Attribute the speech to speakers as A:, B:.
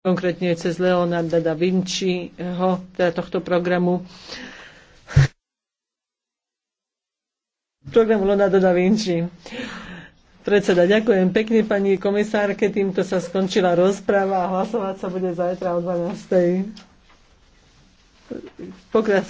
A: konkrétne cez Leonarda da Vinciho, teda tohto programu.
B: Programu Leonardo da Vinci. Predseda, ďakujem pekne pani komisárke. Týmto sa skončila rozpráva a hlasovať
C: sa bude zajtra o 12. Pokras